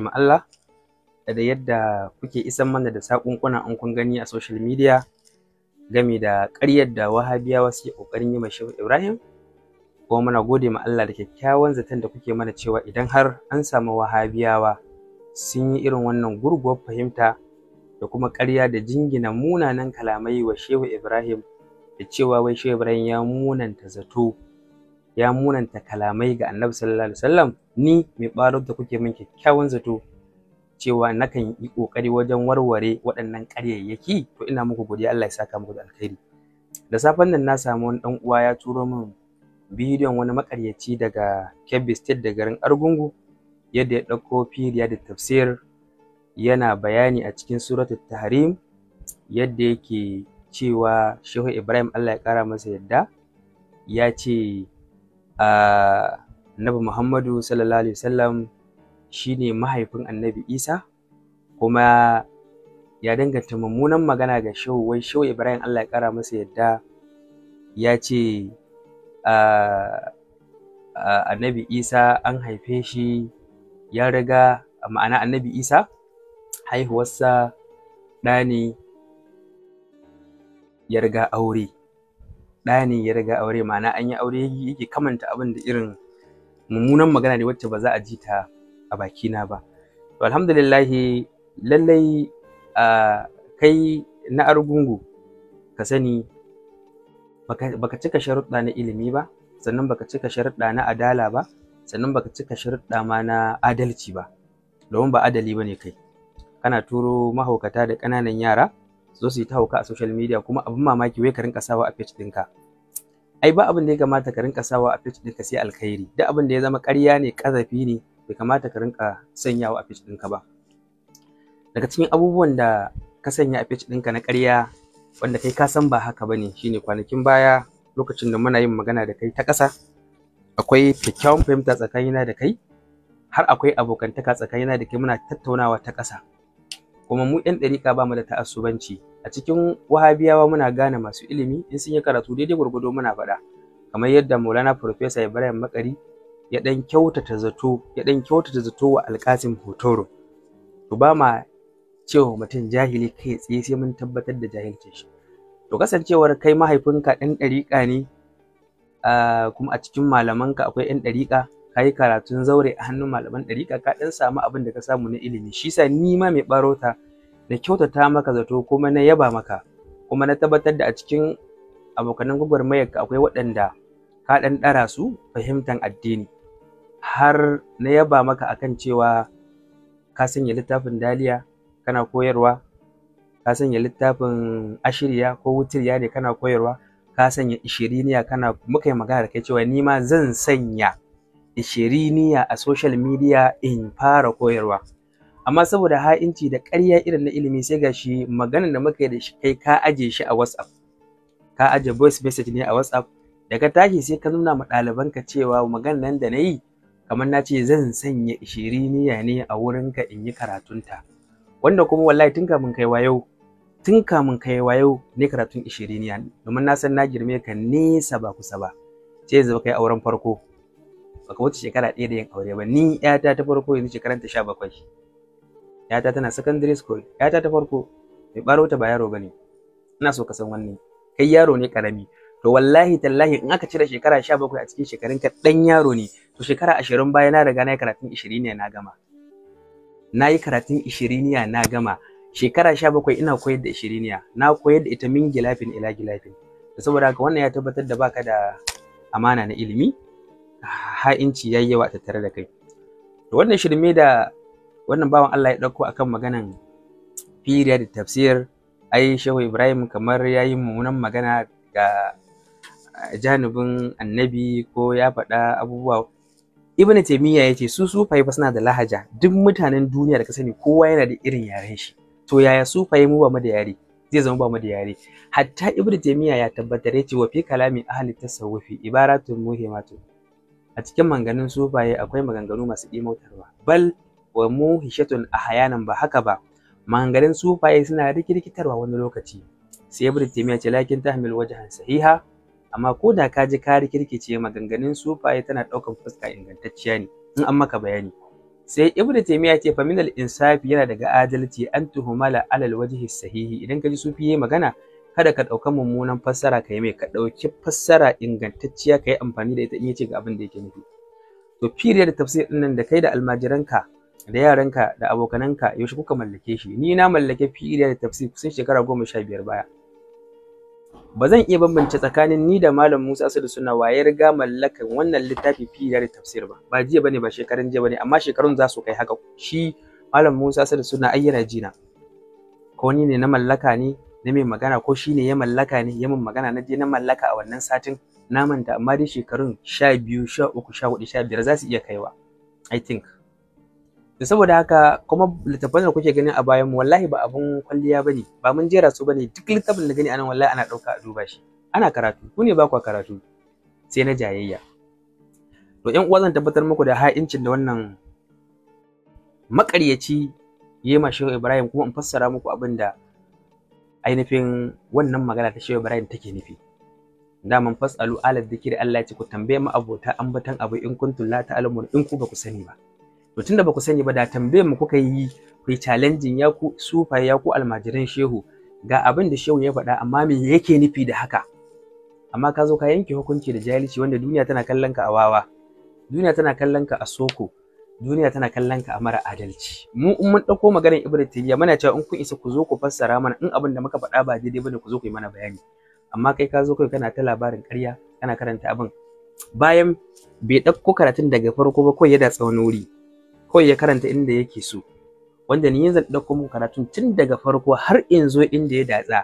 ma Allah da yadda kuke isan mana da sakunkuna an kun gani a social media game da ƙaryar da wahabiyawa suke ƙoƙarin yi ma shehu ibrahim kuma muna gode ma Allah da kyakkyawan zaton da kuke mana cewa idan har an samu wahabiyawa sun yi irin wannan gurguwar fahimta da kuma ƙarya da jingina munanan kalamai wa shehu ibrahim da cewa wai shehu ibrahim ya munanta zato ya munanta kalamai ga annabi sallallahu alaihi wasallam ni mai ɓarau da kuke min kyakkyawan zato cewa nakan yi ƙoƙari wajen warware waɗannan ƙaryayyaki to ina muku godiya Allah ya saka muku da alkhairi da safen nan na samu wani ɗan uwa ya turo min bidiyon wani makaryaci daga Kebbi State da garin Argungu yadda ya ɗauko firiya da tafsir yana bayani a cikin suratul tahrim yadda yake cewa Shehu Ibrahim Allah ya kara masa yadda ya ce a ah, annabi muhammadu sallallahu alaihi wasallam shine mahaifin annabi isa kuma ya danganta mummunan magana ga shehu wai shehu ibrahim allah ya kara masa yadda ya ce annabi isa an haife shi ya riga ma'ana annabi isa haihuwarsa ɗa ne ya riga aure ɗa ne ya riga aure ma'ana an yi aure yake kamanta abin da irin mummunan magana ne wacce ba za a ji ta a bakina ba to alhamdulillah lallai a kai na argungu ka sani baka cika sharuɗa na ilimi ba sannan baka cika sharuɗa na adala ba sannan baka cika sharuɗa ma na adalci ba domin ba adali ba ne kai kana turo mahaukata da ƙananan yara su su yi ta hauka a social media kuma abin mamaki wai ka rinka sawa a page ɗinka ai ba abin da ya kamata ka rinka sawa a page ɗinka sai alkhairi duk abin da ya zama ƙarya ne ƙazafi ne bai kamata ka rinka sanyawa a page ɗinka ba daga cikin abubuwan da ka sanya a page ɗinka na ƙarya wanda kai ka san ba haka bane shine kwanakin baya lokacin da muna yin magana da kai ta ƙasa akwai kyakkyawan fahimta tsakanina da kai har akwai abokantaka tsakanina da kai muna tattaunawa ta ƙasa kuma mu ɗan ɗariƙa ba mu da ta'assubanci a cikin wahabiyawa muna gane masu ilimi in sun yi karatu daidai gwargwado muna faɗa kamar yadda maulana Profesa ibrahim makari ya ɗan kyautata zato ya ɗan kyautata zato wa alƙasim hotoro to ba ma cewa mutum jahili kai tsaye sai mun tabbatar da jahilcin shi to kasancewar kai mahaifinka ɗan ɗariƙa ne ah, kuma a cikin malamanka akwai 'yan ɗariƙa ka yi karatun zaure a hannun malaman ɗariƙa ka ɗan samu abin da ka samu na ilimi shi sa ni ma mai ɓarota na kyautata maka zato kuma na yaba maka kuma na tabbatar da a cikin abokanan gwagwarmayar ka akwai waɗanda ka ɗan ɗara su fahimtar addini har na yaba maka akan cewa ka sanya littafin daliya kana koyarwa ka sanya littafin ashirya ko wutirya ne kana koyarwa ka sanya ishiriniya kana muka yi magana da kai cewa ni ma zan sanya ishiriniya a social media in fara koyarwa amma saboda ha'inci da ƙarya irin na ilimi sai gashi maganar da muka yi da shi kai ka aje shi a WhatsApp ka aje voice message ne a WhatsApp da ka tashi sai ka nuna ma ɗalibanka cewa maganar nan da na yi kamar na ce zan sanya ishiriniya ne a wurinka in yi karatunta wanda kuma wallahi tun kamin kai wayo tun kai wayo ne karatun ishiriniya domin na san na girme ka nesa ba kusa ba sai yanzu kai auren farko baka wuce shekara ɗaya da yin aure ba ni yata ta farko yanzu ta sha bakwai yata tana secondary school yata ta farko mai ɓaro ta ba yaro ba ne. ina so ka san wannan kai yaro ne karami to wallahi tallahi in aka cire shekara sha bakwai a cikin shekarun ka ɗan yaro ne to shekara ashirin baya na riga na yi karatun 20 ne na gama na yi karatun 20 na gama shekara sha bakwai ina koyar da 20 na koyar da ita min gilafin ila gilafin saboda haka wannan ya tabbatar da baka da amana na ilimi ha'inci ya yi yawa tattare da kai to wannan shirme da wannan bawan Allah ya ɗauko akan maganan firiya da tafsir ai shehu ibrahim kamar ya yi mummunan magana ga eh, janibin annabi ko ya faɗa abubuwa ibn taymiya yace su sufaye fa suna da lahaja duk mutanen duniya da ka sani kowa yana da irin yaren shi to yaya sufaye mu ba mu da yare zai zama ba mu da yare hatta ibn taymiya ya tabbatar ya yace wa fi kalami ahli tasawufi ibaratun muhimmatu a cikin manganin sufaye akwai maganganu masu ɗimautarwa bal wa mu hishatun hayanan ba haka ba maganganun sufaye suna rikirkitarwa wani lokaci sai ibnu taymiya ce lakin tahmil wajhan sahiha amma ko da ka ji ka rikirkice maganganun sufaye tana ɗaukan fuska ingantacciya ne in an maka bayani sai ibnu taymiya ce fa insafi yana daga adalci an tuhumala alal wajhi sahihi idan ka ji sufi magana kada ka ɗauka mummunan fassara ka yi mai ka ɗauki fassara ingantacciya ka yi amfani da ita in yace ga abin da yake nufi to period tafsir din nan da kai da almajiranka da yaranka da abokananka yaushe kuka mallake shi ni na mallake period tafsir kusan shekara goma sha biyar baya ba zan iya bambance tsakanin ni da malam Musa Asadu suna waye riga mallakan wannan littafi period da tafsir ba ba jiya bane ba shekarun jiya bane amma shekarun za su kai haka shi malam Musa Asadu suna ayyana jina ko ni ne na mallaka ne na mai magana ko shi ne ya mallaka ne ya magana na je na mallaka a wannan satin na manta amma dai shekarun sha biyu sha uku sha hudu sha biyar za su iya kaiwa I think to saboda haka kuma littafan da kuke gani a bayan mu wallahi ba abun kwalliya bane ba mun jera su bane duk littafin da gani anan wallahi ana dauka a duba shi ana karatu ku ne ba ku karatu sai na jayayya to 'yan uwa zan tabbatar muku da ha'incin da wannan makaryaci yema shehu ibrahim kuma in fassara muku abin da ainihin wannan magana ta shewa ibrahim take nufi Da daman fasalu ala dhikri Allah ya ce ku tambaye mu abota ambatan abu in kuntum la ta'lamun in ku ba ku sani ba to tunda ba ku sani ba da tambaye mu kuka yi ku yi challenging ya ku sufa ya ku almajiran shehu ga abin da shehu ya faɗa amma me yake nufi da haka amma ka zo ka yanke hukunci da jahilci wanda duniya tana kallon ka a wawa duniya tana kallon ka a soko duniya tana kallon ka a mara adalci mu in mun dauko maganar ibnu tayyiba muna cewa in kun isa ku zo ku fassara mana in abin da muka faɗa ba daidai bane ku zo ku yi mana bayani amma kai ka zo kai kana ta labarin ƙarya kana karanta abin bayan bai dauko karatun daga farko ba kawai ya datsa wani wuri kawai ya karanta inda yake so wanda ni yanzu dauko muku karatun tun daga farko har yanzu inda ya datsa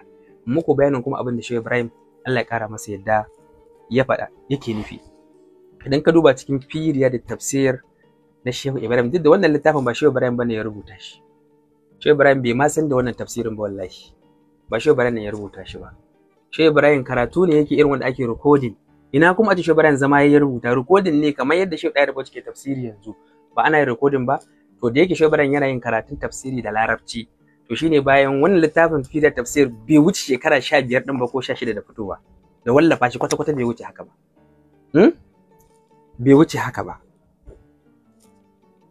muku bayanin kuma abin da shi Ibrahim Allah ya kara masa yadda ya faɗa yake nufi idan ka duba cikin firiya da tafsir na Shehu Ibrahim duk da wannan littafin ba Shehu Ibrahim bane ya rubuta shi Shehu Ibrahim bai ma san da wannan tafsirin ba wallahi ba Shehu Ibrahim ne ya rubuta shi ba Shehu Ibrahim karatu ne yake irin wanda ake recording ina kuma a ce Shehu Ibrahim zama ya rubuta recording ne kamar yadda Shehu Ibrahim yake tafsiri yanzu ba ana yin recording ba to da yake Shehu Ibrahim yana yin karatun tafsiri da Larabci to shine bayan wannan littafin fitar tafsir bai wuce shekara 15 din ba ko 16 da fitowa da wallafa shi kwata-kwata bai wuce haka ba hmm? bai wuce haka ba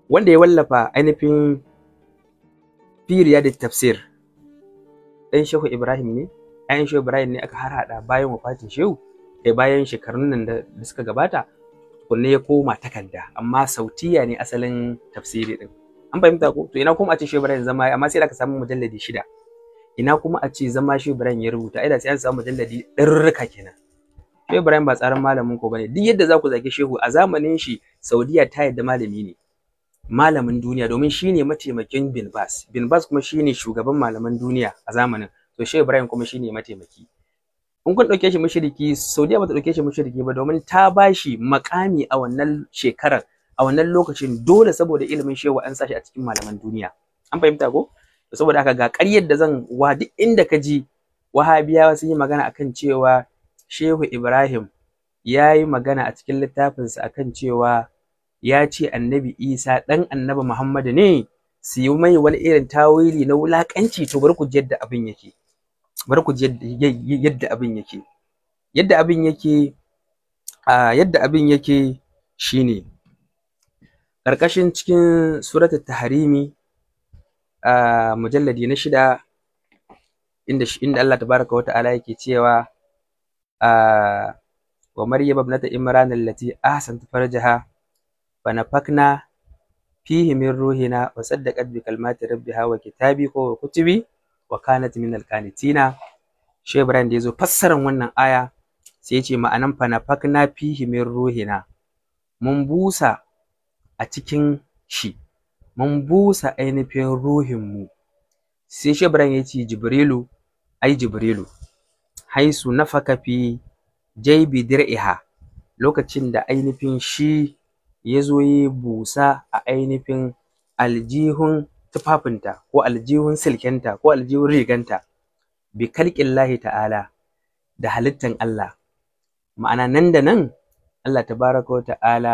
wanda ya wallafa ainihin firiya da tafsir ɗan shehu ibrahim ne ɗan shehu ibrahim ne aka harhaɗa bayan wafatin shehu da bayan shekarun nan da suka gabata kunne ya koma takarda amma sautiya ne asalin tafsiri din an fahimta ko to ina kuma a ce shehu ibrahim zama amma sai da aka samu mujalladi shida ina kuma a ce zama shehu ibrahim ya rubuta ai da sai an samu mujalladi ɗarurruka kenan shehu ibrahim ba tsarin malamin ko bane duk yadda za ku zage shehu a zamanin shi saudiya ta yadda malami ne malamin duniya domin shine mataimakin bin bas bin bas kuma shine shugaban malaman duniya a zamanin to shi ibrahim kuma shine mataimaki in kun ɗauke shi mushriki saudiya bata ɗauke shi mashiriki ba domin ta ba shi makami a wannan shekarar a wannan lokacin dole saboda ilimin shehu an sashi a cikin malaman duniya an fahimta ko saboda haka ga ƙaryar da zan wa duk inda ka ji wahabiyawa sun yi magana akan cewa shehu ibrahim ya yi magana a cikin littafinsa akan cewa ya ce annabi isa ɗan annabi muhammadu ne su yi mai wani irin tawili na wulaƙanci to bar ku ji yadda abin yake Bar ku ji yadda abin yake yadda abin yake yadda abin yake shine ƙarƙashin cikin suratul tahrimi a mujalladi na shida inda inda Allah tabaraka wa ta'ala yake cewa wa maryam ibnata imran allati ahsanat farjaha fanafakna fihi min ruhina wa saddaqat bi kalmati rabbiha wa kitabi ko wa kutubi wa kanat min alqanitina Shehu Ibrahim da yazo fassarar wannan aya sai ya ce ma'anan fanafakna fihi min ruhina mun busa a cikin shi mun busa ainihin ruhin mu. sai Shehu Ibrahim ya ce Jibrilu ai Jibrilu haisu nafaka fi jaibi dir'iha lokacin da ainihin shi ya zo ya yi busa a ainihin aljihun tufafinta ko aljihun silkenta ko aljihun riganta bi lahi ta'ala da halittan Allah ma'ana nan da nan Allah baraka wa ta'ala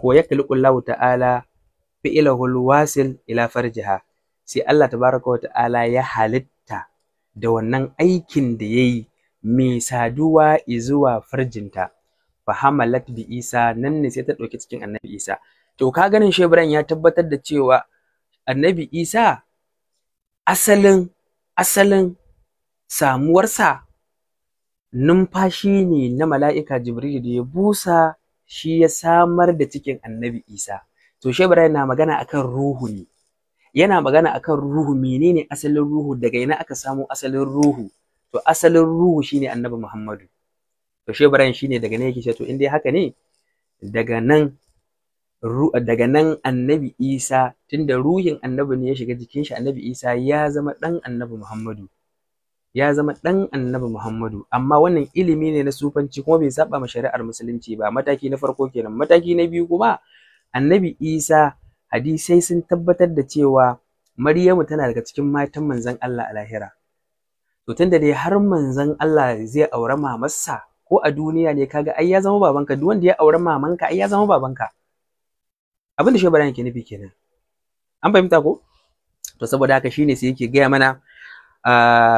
ko ya kalƙullahu ta'ala ilahul wasil ila farjiha sai Allah baraka wa ta'ala ya halitta da wannan aikin da ya yi mai saduwa izuwa farjinta fa bi isa nan ne sai ta ɗauki cikin annabi isa to ka ganin shebran ya tabbatar da cewa annabi isa asalin asalin samuwarsa numfashi ne na mala'ika jibril da ya busa shi ya samar da cikin annabi isa to shebran yana magana akan ruhu ne yana magana akan ruhu menene asalin ruhu daga ina aka samu asalin ruhu to asalin ruhu shine annabi muhammadu to shi Ibrahim shine daga nan yake ce to in dai haka ne daga nan daga nan annabi Isa tunda ruhin annabi ne ya shiga jikin shi annabi Isa ya zama dan annabi Muhammadu ya zama dan annabi Muhammadu amma wannan ilimi ne na sufanci kuma bai saba ma shari'ar musulunci ba mataki na farko kenan mataki na biyu kuma annabi Isa hadisai sun tabbatar da cewa Maryamu tana daga cikin matan manzon Allah a lahira to tunda dai har manzon Allah zai aure mamarsa ko a duniya ne kaga ai ya zama babanka duk wanda ya aure mamanka ai ya zama babanka abin da shi bara ke nufi kenan an fahimta ko to saboda haka shine sai yake gaya mana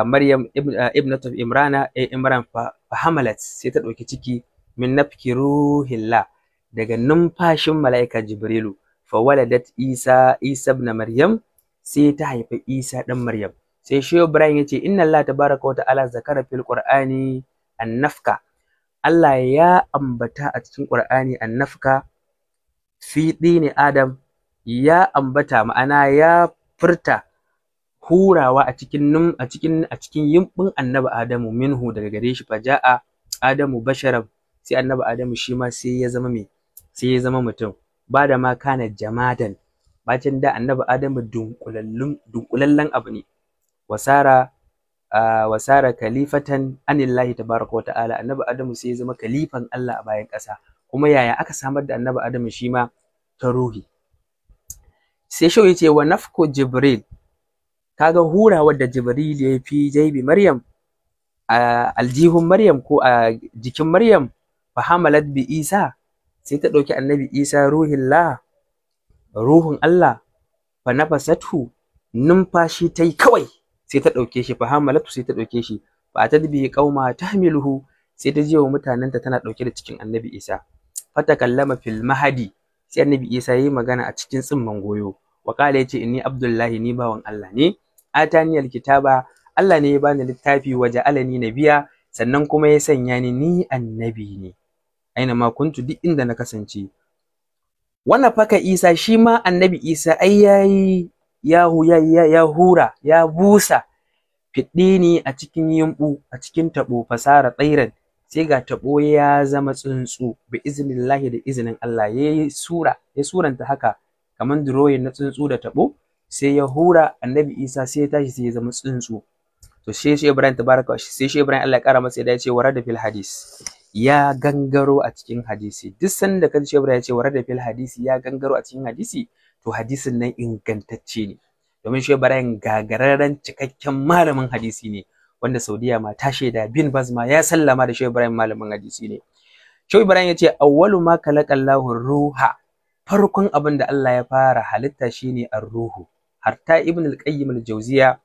Maryam ibnatu Imrana Imran Hamalat sai ta ɗauki ciki min nafki ruhilla daga numfashin mala'ika Jibrilu fa waladat Isa Isa ibn Maryam sai ta haifi Isa dan Maryam sai shi Ibrahim yace inna Allah tabaraka wa ta'ala zakara fil Qur'ani an-nafka Allah ya ambata a cikin Qur'ani annafka fi dini Adam ya ambata ma'ana ya furta hurawa a cikin nun a cikin a cikin yimbin annabi Adamu minhu daga gare shi faja'a Adamu basharan sai annabi Adamu shi ma sai ya zama me sai ya zama mutum ba da ma kana jamadan bacin da annabi Adamu dunkulallun dunkulallen abu ne wasara wasara kalifatan anillahi tabaraka wata'ala annabi adamu sai ya zama kalifan Allah a bayan ƙasa kuma yaya aka samar da annabi adamu shi ma ta ruhi sai shau yace wa nafku jibril kaga hura wadda jibril ya fi jaibi maryam a aljihun maryam ko a jikin maryam fa hamalat bi isa sai ta ɗauki annabi isa ruhillah ruhun allah fa nafasathu numfashi ta yi kawai sai ta ɗauke shi fa hamalatu sai ta ɗauke shi ba ta qauma tahmiluhu sai ta je wa ta tana ɗauke da cikin annabi isa fata kallama fil mahadi sai annabi isa yayi magana a cikin tsimman goyo wa qala yace inni abdullahi ni bawan allah ne atani alkitaba allah ne ya bani littafi wa ja'alani nabiya sannan kuma ya sanya ni ni annabi ne aina ma kuntu duk inda na kasance wannan faka isa shi ma annabi isa ai yayi ya ya hura ya busa ne a cikin yumbu a cikin taɓo fasara tsairan sai ga taɓo ya zama tsuntsu bi lahi da iznin Allah yayi sura ya suranta haka kamar drawing na tsuntsu da tabo sai ya hura annabi Isa sai ya tashi sai ya zama tsuntsu to sai shi Ibrahim tabaraka sai shi Ibrahim Allah ya kara masa ya ce warada fil hadis ya gangaro a cikin hadisi duk sanda kan ibrahim ya ce warada fil hadisi ya gangaro a cikin hadisi to hadisin nan ingantacce ne domin shi Ibrahim gagararren cikakken malamin hadisi ne wanda Saudiya ma ta shaida bin Bazma ya sallama da shi Ibrahim malamin hadisi ne shi Ibrahim ya ce awwalu ma khalaqallahu ruha farkon abin da Allah ya fara halitta shine ar-ruhu hatta Ibn al-Qayyim al-Jawziya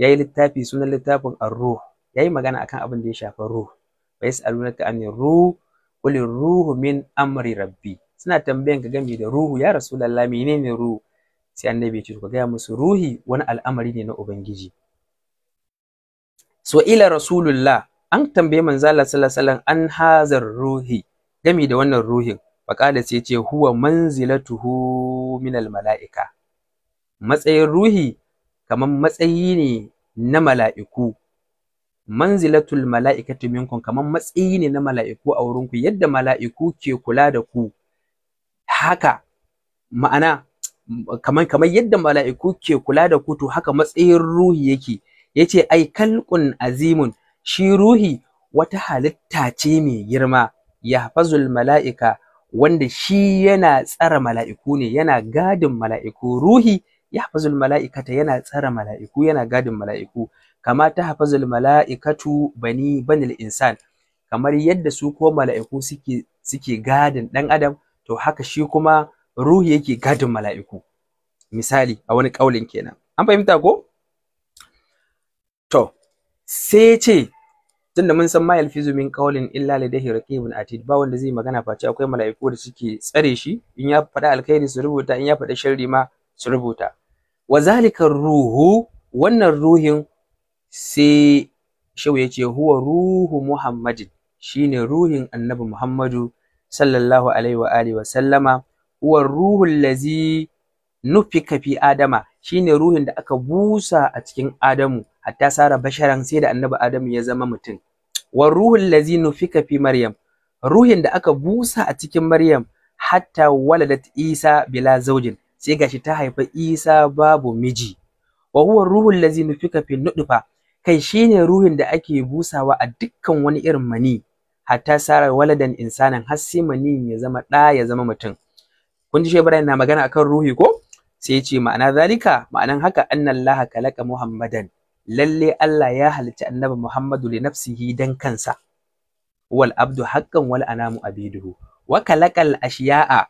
yayi littafi sunan littafin ar-ruh yayi magana akan abin da ya shafi ruh wa yas'alunaka anir ruh qulir ruhu min amri rabbi suna tambayan ka game da ruhu ya rasulallah menene ruhu sai annabi ya ce ka gaya musu ruhi wani al'amari ne na ubangiji so ila rasulullah an tambaye manzo Allah sallallahu alaihi wasallam an hazar ruhi game da wannan ruhin faqala sai ce huwa manzilatuhu min al malaika matsayin ruhi kamar matsayi ne na mala'iku manzilatul mala'ikati minkum kamar matsayi ne na mala'iku a wurin ku yadda mala'iku ke kula da ku haka ma'ana kamar kamar yadda mala'iku ke kula da kutu haka matsayin ruhi yake yace ai kalqun azimun shi ruhi wata halitta ce mai girma ya fazul mala'ika wanda shi yana tsara mala'iku ne yana gadin mala'iku ruhi ya yahfazul mala'ikata yana tsara mala'iku yana gadin mala'iku kama ta hafazul mala'ikatu bani banil insan kamar yadda su ko mala'iku suke suke gadin dan adam to haka shi kuma ruhi yake gadin mala'iku misali a wani kaulin kenan an fahimta ko to sai ce tunda mun san ma yalfizu min qawlin illa ladayhi raqibun atid ba wanda zai magana face akwai mala'iku da suke tsare shi in ya faɗa alkhairi su rubuta in ya faɗa sharri ma su rubuta wa zalika ruhu wannan ruhin sai shau ya ce huwa ruhu muhammadin shine ruhin annabi muhammadu sallallahu alaihi wa alihi wa sallama wa ruhul lazi nufika fi adama shine ruhin da aka busa a cikin adamu hatta sara basharan sai da annabi adamu ya zama mutum wa ruhul lazi nufika fi maryam ruhin da aka busa a cikin maryam hatta waladat isa bila zaujin sai gashi ta haifa isa babu miji wa huwa ruhul lazi nufika fi nudfa kai shine ruhin da ake busawa a dukkan wani irin mani hatta sarar waladan insanan har sai mani ya zama ɗa ya zama mutum kun ji shebara na magana akan ruhi ko sai ya ce ma'ana zalika ma'anan haka annallaha kalaka muhammadan lalle Allah ya halicci annabi Muhammadu li nafsihi dan kansa wal abdu haqqan wal anamu abiduhu wa kalakal ashiya'a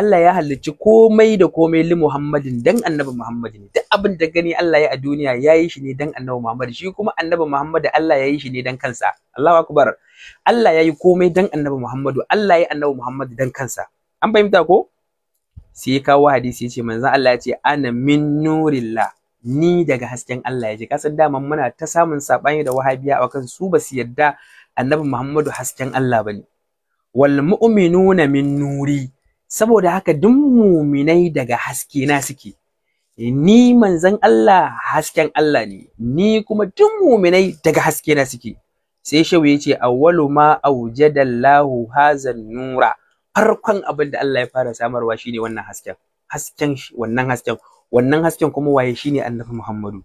Allah ya halicci komai da komai li Muhammadin dan annabi Muhammadin duk abin da gani Allah ya a duniya yayi shi ne dan annabi Muhammad shi kuma annabi Muhammad Allah yayi shi ne dan kansa Allahu akbar Allah ya yi komai dan annabi Muhammadu Allah ya yi annabi Muhammadu dan kansa an fahimta ko sai ya kawo hadisi ya ce manzon Allah ya ce ana min nurillah ni daga hasken Allah ya ce kasan dama muna ta samun saɓani da wahabiya a kan su ba su yarda annabi Muhammadu hasken Allah ba bane wal mu'minuna min nuri saboda haka duk muminai daga haske na suke eh, ni manzan Allah hasken Allah ne ni kuma duk muminai daga haske na suke sai shehu yace awwalu ma awjadallahu hazan nura farkon abin da Allah ya fara samarwa shine wannan hasken hasken wannan hasken wannan hasken kuma waye shine annabi Muhammadu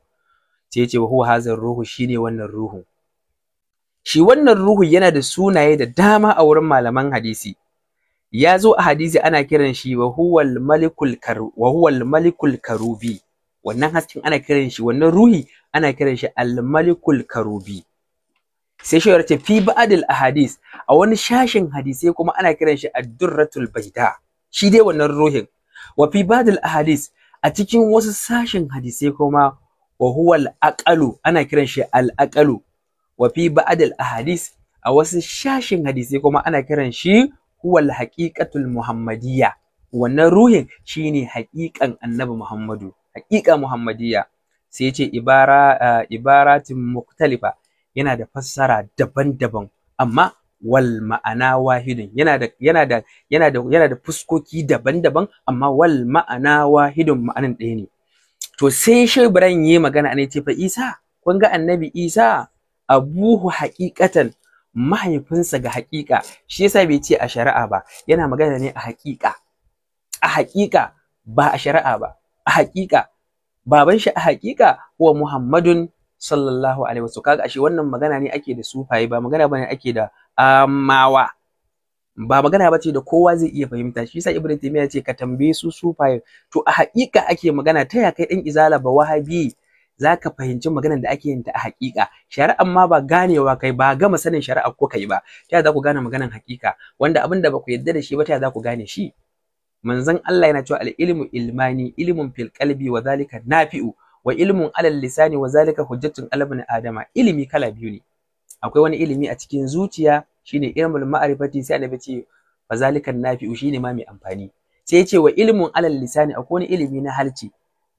sai yace wa huwa hazan ruhu shine wannan ruhu shi wannan ruhu yana da sunaye da dama a wurin malaman hadisi ya zo a hadisi ana kiran shi wa al malikul wa al malikul karubi wannan hasken ana kiran shi wannan ruhi ana kiran shi al malikul karubi sai shawara ce fi ba'adil ahadis a wani shashin hadisai kuma ana kiran shi ad-durratul shi dai wannan ruhin wa fi ba'dil ahadis a cikin wasu sashin hadisai kuma wa huwa al ana kiran shi al-aqalu wa fi ba'dil ahadis a wasu shashin hadisai kuma ana kiran shi huwa al muhammadiyya wannan ruhin shine haqiqan annabi muhammadu haƙiƙa muhammadiyya sai ce ibara eh, ibaratin muktalifa yana da fassara daban-daban amma wal ma'ana wahidun yana da yana da yana da yana da fuskoki daban-daban amma wal ma'ana wahidun ma'anan ɗaya ne to sai shi Ibrahim yayi magana ne ce fa Isa kun ga annabi Isa abuhu haqiqatan mahaifinsa ga haƙiƙa shi yasa bai ce a shari'a ba yana magana ne a haƙiƙa a haƙiƙa ba a shari'a ba a haƙiƙa baban shi a haƙiƙa wa Muhammadun sallallahu alaihi wasallam kaga ashe wannan magana ne ake da sufaye ba magana bane ake da amawa um, ba magana bace da kowa zai iya fahimta shi yasa ibnu taymiya ce ka tambaye su sufaye to a haƙiƙa ake magana ta ya kai dan izala ba wahabi zaka fahimci maganar da ake yin ta a haƙiƙa shari'a ma ba ganewa kai ba gama sanin shari'a ko kai ba ta za ku gane maganar haƙiƙa wanda abin da ba ku yarda da shi ba ta za ku gane shi manzon Allah yana cewa al-ilmu ilmani ilmun fil qalbi wa zalika nafi'u wa ilmun alal lisani wa zalika hujjatun alabni adama ilimi kala biyu ne akwai wani ilimi a cikin zuciya shine ilmul ma'rifati sai annabi ce fa zalikan nafi'u shine ma mai amfani sai ya ce wa ilmun alal lisani akwai wani ilimi na halci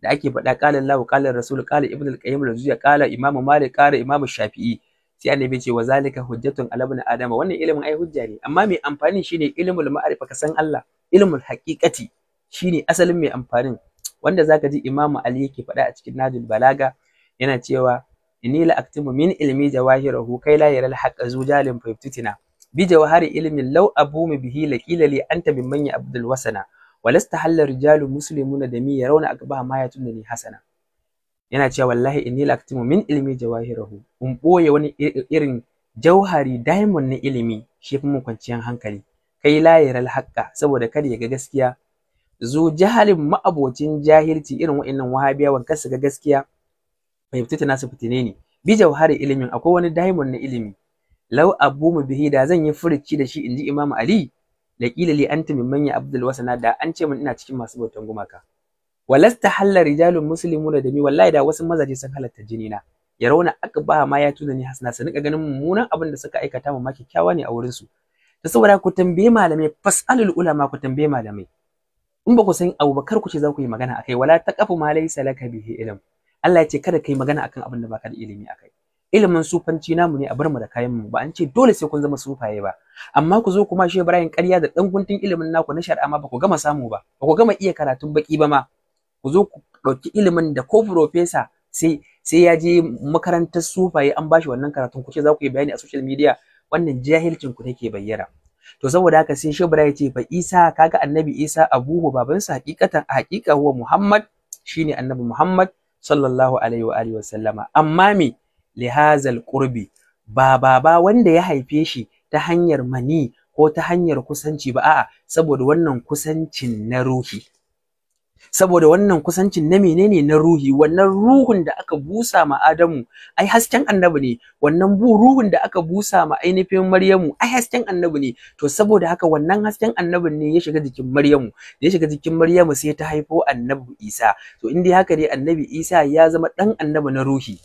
da ake faɗa qala Allah qala Rasul qala Ibn al-Qayyim al-Juzayy qala Imam Malik qala Imam Shafi'i sai annabi ce wa zalika hujjatun alabni adama wannan ilimin ai hujja ne amma mai amfani shine ilmul ma'rifa ka san Allah ilmul haqiqati shine asalin mai amfanin wanda zaka ji Imam Ali yake faɗa a cikin Najul Balaga yana cewa inni la aktimu min ilmi jawahirahu kai la yaral haqq zujalin fayftitina bi jawahari ilmin law abumu bihi qila li anta mimman ya abdul wasana walasta hallar rijalu muslimuna da yarawna akbaha ma ya ni hasana yana cewa wallahi inni la aktimu min ilmi jawahirahu um boye wani irin jauhari diamond na ilimi shi fi kwanciyar hankali kai la yaral haqqa saboda kada ya ga gaskiya Zo jahalin ma'abocin jahilci irin wa'annan wahabiyawan kar su ga gaskiya fahimtita nasu fitine ne bi jauhari ilimin akwai wani daimon na ilimi lau abu mu bihi da zan yi furuci da shi in ji imamu ali da kila li anta mimman manya abdul wasana da an ce min ina cikin masu bautan gumaka walasta halla rijalun muslimuna da mi wallahi da wasu mazaje sun halatta jini na ya rauna aka ba ma ya tuna ni hasna su nika ganin mummunan abin da suka aikata ma kyakkyawa ne a wurin su ta saboda ku tambaye malamai fasalul ulama ku tambaye malamai in ba ku san abu ba ku ce za ku yi magana akai wala taqafu ma laysa laka bihi ilm Allah ya ce kada kai magana akan abin da baka da ilimi akai ilimin sufanci namu ne a bar mu da kayan mu ba an ce dole sai kun zama sufaye ba amma ku zo kuma shi Ibrahim ƙarya da dan guntun ilimin naku na shar'a ma ba ku gama samu ba ba ku gama iya karatun baki ba ma ku zo ku ɗauki ilimin da ko professor sai sai ya je makarantar sufaye an bashi wannan karatun ku ce za ku yi bayani a social media wannan jahilcin ku take bayyana to saboda haka sai shebra ya ce fa isa kaga annabi isa abuhu babansa hakikatan a hakika huwa muhammad shine annabi muhammad sallallahu alaihi wa alihi wasallama amma me lihazal qurbi ba baba wanda ya haife shi ta hanyar mani ko ta hanyar kusanci ba a'a saboda wannan kusancin na ruhi saboda wannan kusancin na menene na ruhi wannan ruhun da aka busa ma Adamu ai hasken annabi ne wannan bu ruhun da aka busa ma ainihin Maryamu ai hasken annabi ne to saboda haka wannan hasken annabin ne ya shiga jikin Maryamu da ya shiga jikin Maryamu sai ta haifo annabi Isa to in dai haka dai annabi Isa ya zama dan annabi na ruhi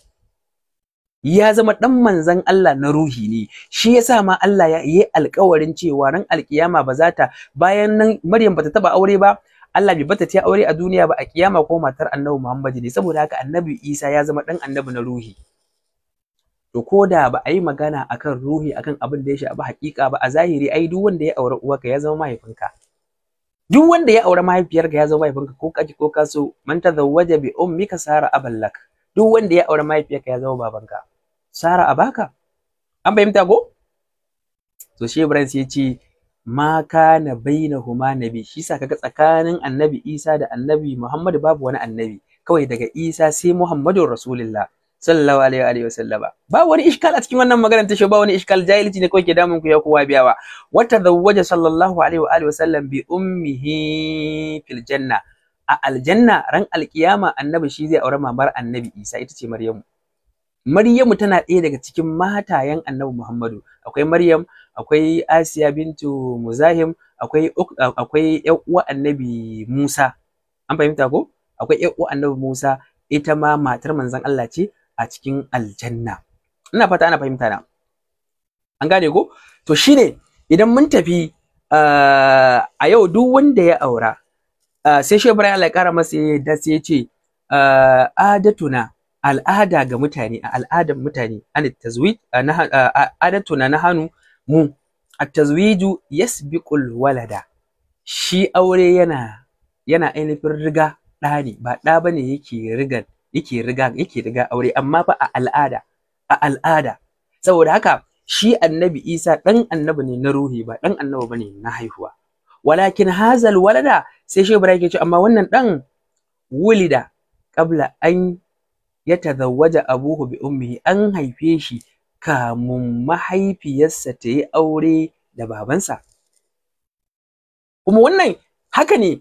ya zama dan manzan Allah na ruhi ne shi yasa ma Allah ya yi alƙawarin cewa ran alkiyama ba za ta bayan nan Maryam bata taba aure ba Allah bai bata ta aure a duniya ba a kiyama ko matar annabi muhammad ne saboda haka annabi Isa ya zama dan annabi na ruhi to ko da ba a yi magana akan ruhi akan abin da ya shafi hakika ba a zahiri ai duk wanda ya aure uwarka ya zama mahaifinka duk wanda ya aure mahaifiyarka ya zama mahaifinka ko kaji ko so man tazawwaja bi ummika sara aballak duk wanda ya aure mahaifiyarka ya zama babanka sara abaka an fahimta ko to shi sai ya ce ma kana na nabi shi yasa kaga tsakanin annabi Isa da annabi Muhammadu babu wani annabi kawai daga Isa sai Muhammadun Rasulullah sallallahu alaihi wa sallama ba wani ishkal a cikin wannan magana ta ba wani ishkal jahilci ne kawai ke damun ku ya kowa biyawa wata zawwaja sallallahu alaihi wa alihi wa sallam bi ummihi fil janna a aljanna ran alkiyama annabi shi zai aure mamar annabi Isa ita ce Maryamu Maryamu tana ɗaya daga cikin matayen annabi Muhammadu akwai Maryam akwai Asiya bintu Muzahim akwai akwai ƴan uwa Annabi Musa an fahimta ko akwai ƴan uwa Annabi Musa ita ma matar manzon Allah ce a cikin aljanna ina fata ana fahimta na an gane ko to shine idan mun tafi ah, a yau duk wanda ya aura ah, sai shi Ibrahim Allah ya kara masa da sai ya ce ah, adatuna al'ada ga mutane a al'adar mutane an tazwid adatuna na hannu mu at-tazwiju yasbiqul walada shi aure yana yana ainihin riga ɗa ba ɗa bane yake riga yake riga yake riga aure amma fa a al'ada a al'ada saboda haka shi annabi Isa ɗan annabi ne na ruhi ba ɗan annabi bane na haihuwa walakin hazal walada sai shi Ibrahim ya ce amma wannan ɗan wulida qabla an yatazawwaja abuhu bi ummihi an haife shi kamun mahaifiyarsa ta yi aure da babansa kuma wannan haka ne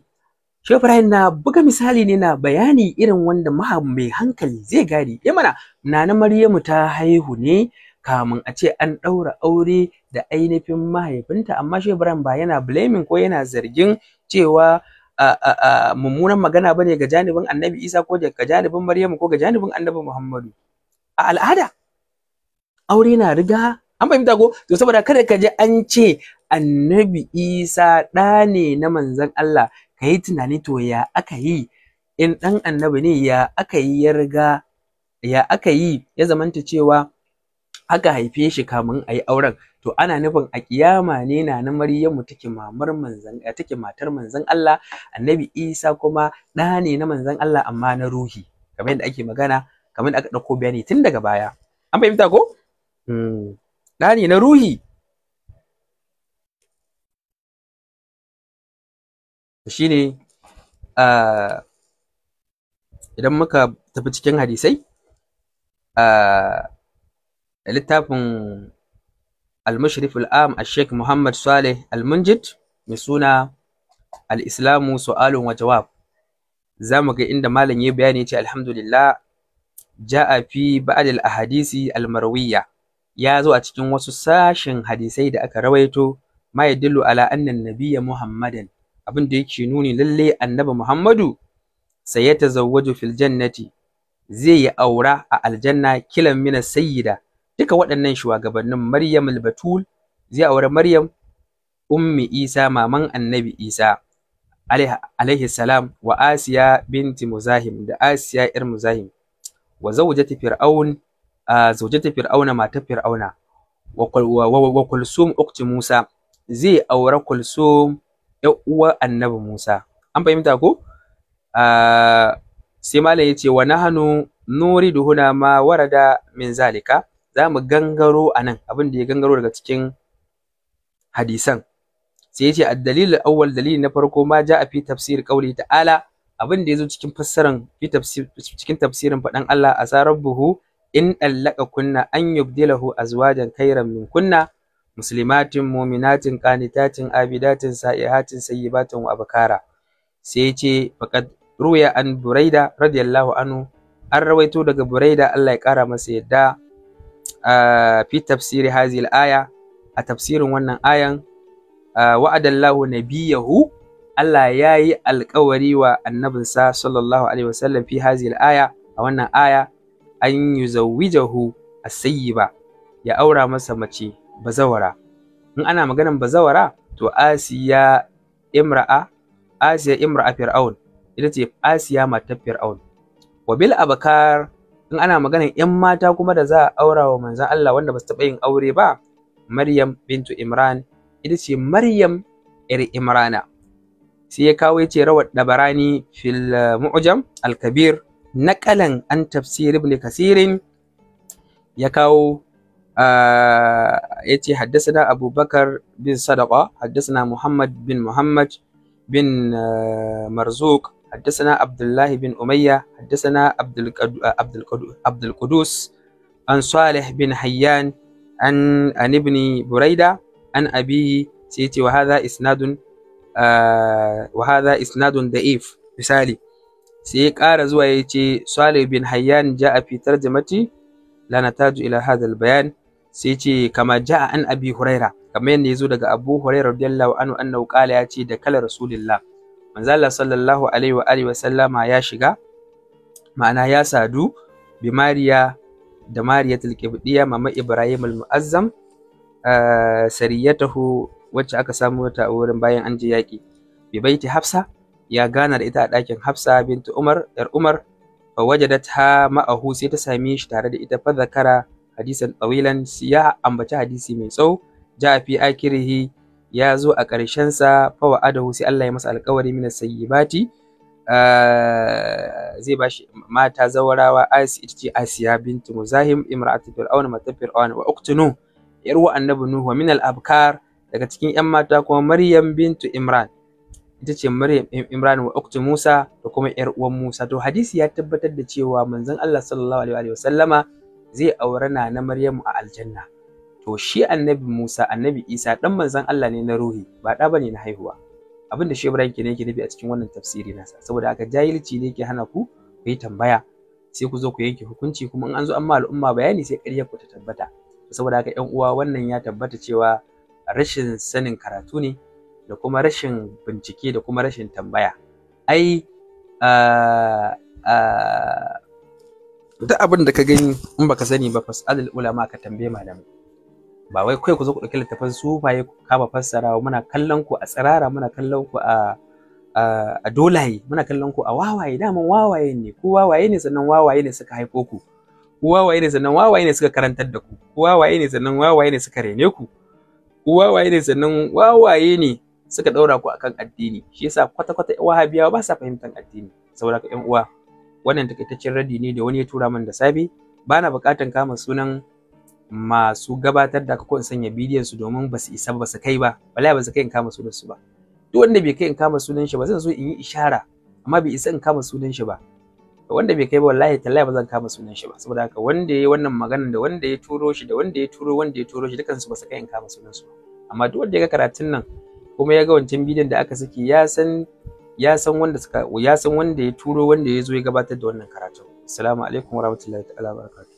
Shehu na buga misali ne na bayani irin wanda maha mai hankali zai gane. Ya eh mana Nana Maryamu ta haihu ne kamun a ce an ɗaura aure da ainihin mahaifinta amma Shehu ba yana blaming ko yana zargin cewa mummunan magana bane ga janibin Annabi Isa ko ga janibin Maryamu ko ga janibin Annabi Muhammadu. A al'ada aure na riga an fahimta ko to saboda kada ka ji an ce annabi isa ɗa ne na manzon Allah ka yi tunani to ya aka yi in ɗan annabi ne ya aka yi ya riga ya aka yi ya zamanta cewa aka haife shi kamun a yi auren to ana nufin a kiyama ne na na maryamu take mamar manzan eh, take matar manzon Allah annabi Isa kuma ɗa ne na manzon Allah amma na ruhi kamar yadda ake magana kamar yadda aka ɗauko bayani tun daga baya an fahimta ko ɗa ne na ruhi shi idan muka tafi cikin hadisai a littafin al-mushrif al'am a sheikh muhammad saleh al-munjid mai suna al-islamu su'alun wa jawab za mu ga inda malam ya bayani ce alhamdulillah ja'a fi ba'ad ahadisi al-marwiyya ya zo a cikin wasu sashen hadisai da aka rawaito ma yadullu ala annan nabiyya muhammadan abin da yake nuni lalle annabi muhammadu sai ya tazawwaju fil jannati zai yi aura a aljanna kilan mina sayyida duka waɗannan shugabannin maryam albatul zai aure maryam ummi isa maman annabi isa alaihi salam wa asiya binti muzahim da asiya yar muzahim wa zawjati fir'aun zaujata fir'auna matar fir'auna wa kulsum ukti musa zai aura kulsum uwar annabi musa an fahimta ko sai malam yace wa nahanu nuri huna ma warada min zalika za mu gangaro anan abin da ya gangaro daga cikin hadisan sai yace ad-dalil al-awwal dalili na farko ma ja fi tafsir qawli ta'ala abin da yazo cikin fassaran fi tafsir cikin tafsirin fadan Allah asarabuhu in kunna an yubdilahu azwajan khairan kunna muslimatin muminatin qanitatin abidatin sa'ihatin sayyibatin wa abkara sai ce faqad ruya an buraida radiyallahu anhu an rawaito daga buraida Allah ya kara masa yadda fi tafsiri hazil aya a tafsirin wannan ayan wa'adallahu nabiyahu Allah ya yi alkawari wa annabinsa sallallahu alaihi wasallam fi hazil aya a wannan aya an yi a sayi ba. ya aura masa mace bazawara in ana maganan bazawara to asiya imra'a asiya imra'a fir'aun ita ce asiya matar fir'aun wa bil abakar in ana maganan yan mata kuma da za a aura wa manzan Allah wanda ba su taɓa yin aure ba Maryam bintu Imran ita ce Maryam ‘yar Imrana sai ya kawo ya ce rawar dabarani fil eh, mu'jam al-kabir naƙalan an tafsir ibn kasirin ya kawo Haddasana abubakar bin sadaqa haddasa muhammad bin muhammad bin marzuk haddasa abdullahi bin umayya haddasa abdul qudus an bin hayyan an buraida an abiyi sai ya isnadun da'if misali sai ya ƙara zuwa ya ce Salih bin Hayyan ja'a fi tarjamati la nataju ila hadal bayan sai ce kama ja'a an Abi Huraira kamar yadda yazo daga Abu Huraira radiyallahu anhu annahu qala ya ce da kalar Rasulullah manzo Allah sallallahu alaihi wa alihi wa sallama ya shiga ma'ana ya sadu bi Mariya da Mariyatul Qibdiya mama Ibrahim al-Mu'azzam eh, sariyatahu wacce aka samu ta a wurin bayan an je yaƙi bi baiti Hafsa ya gana da ita a ɗakin Hafsa bintu Umar ‘yar Umar fa wajadatha ma'ahu sai ta same shi tare da ita fa hadisan tawilan ya ambaci hadisi mai tsawo ja fi akirihi ya zo a ƙarshen sa fa wa'adahu sai Allah ya masa alƙawari min sayyibati ah, zai bashi mata zawarawa Asi ita ce Asiya bintu Muzahim imra'atu fir'auna matar fir'auna wa uktunu yar annabi Nuhu wa min al-abkar daga cikin 'yan mata kuma Maryam bintu Imran ita ce Maryam Imran wa uktu Musa da kuma ‘yar uwan Musa. To hadisi ya tabbatar da cewa manzon Allah sallallahu alaihi wa sallama zai aure na na maryam a aljanna. To shi annabi Musa annabi Isa dan manzon Allah ne na ruhi ba da bane na haihuwa. Abinda da shi Ibrahim kenan yake nufi a cikin wannan tafsiri nasa saboda aka jahilci ne yake hana ku ku yi tambaya sai ku zo ku yanke hukunci kuma in an zo an ma al'umma bayani sai ƙaryar ku ta tabbata. Saboda haka ƴan uwa wannan ya tabbata cewa rashin sanin karatu ne da kuma rashin bincike da kuma rashin tambaya ai duk abin da ka gani in baka sani ba fas'alul ulama ka tambaye malamai ba wai kai ku zo ku dauki littafin sufaye ku kama fassarawa muna kallon ku a tsirara muna kallon ku a a dolaye muna kallon ku a wawaye mun wawaye ne ku wawaye ne sannan wawaye ne suka haifo ku ku wawaye ne sannan wawaye ne suka karantar da ku ku wawaye ne sannan wawaye ne suka rene ku ku wawaye ne sannan wawaye ne suka ɗaura ku akan addini shi yasa kwata-kwata wahabiyawa ba sa fahimtar addini saboda ka ƴan uwa wannan takaitaccen radi ne da wani ya tura min da safe Bana buƙatar buƙatan kama sunan masu gabatar da aka sanya bidiyon su domin ba su isa ba su kai ba wallahi ba su kai in kama sunan su ba duk wanda bai kai in kama sunan shi ba zan so in yi ishara amma bai isa in kama sunan shi ba wanda bai kai ba wallahi tallahi ba zan kama sunan shi ba saboda haka wanda yayi wannan magana da wanda ya turo shi da wanda ya turo wanda ya turo shi dukansu ba su kai in kama sunan su amma duk wanda ya ga karatun nan kuma ya ga wancan bidiyon da aka saki ya san ya san wanda suka ya san wanda ya turo wanda ya zo ya gabatar da wannan karatu assalamu alaikum warahmatullahi ta'ala barakatuh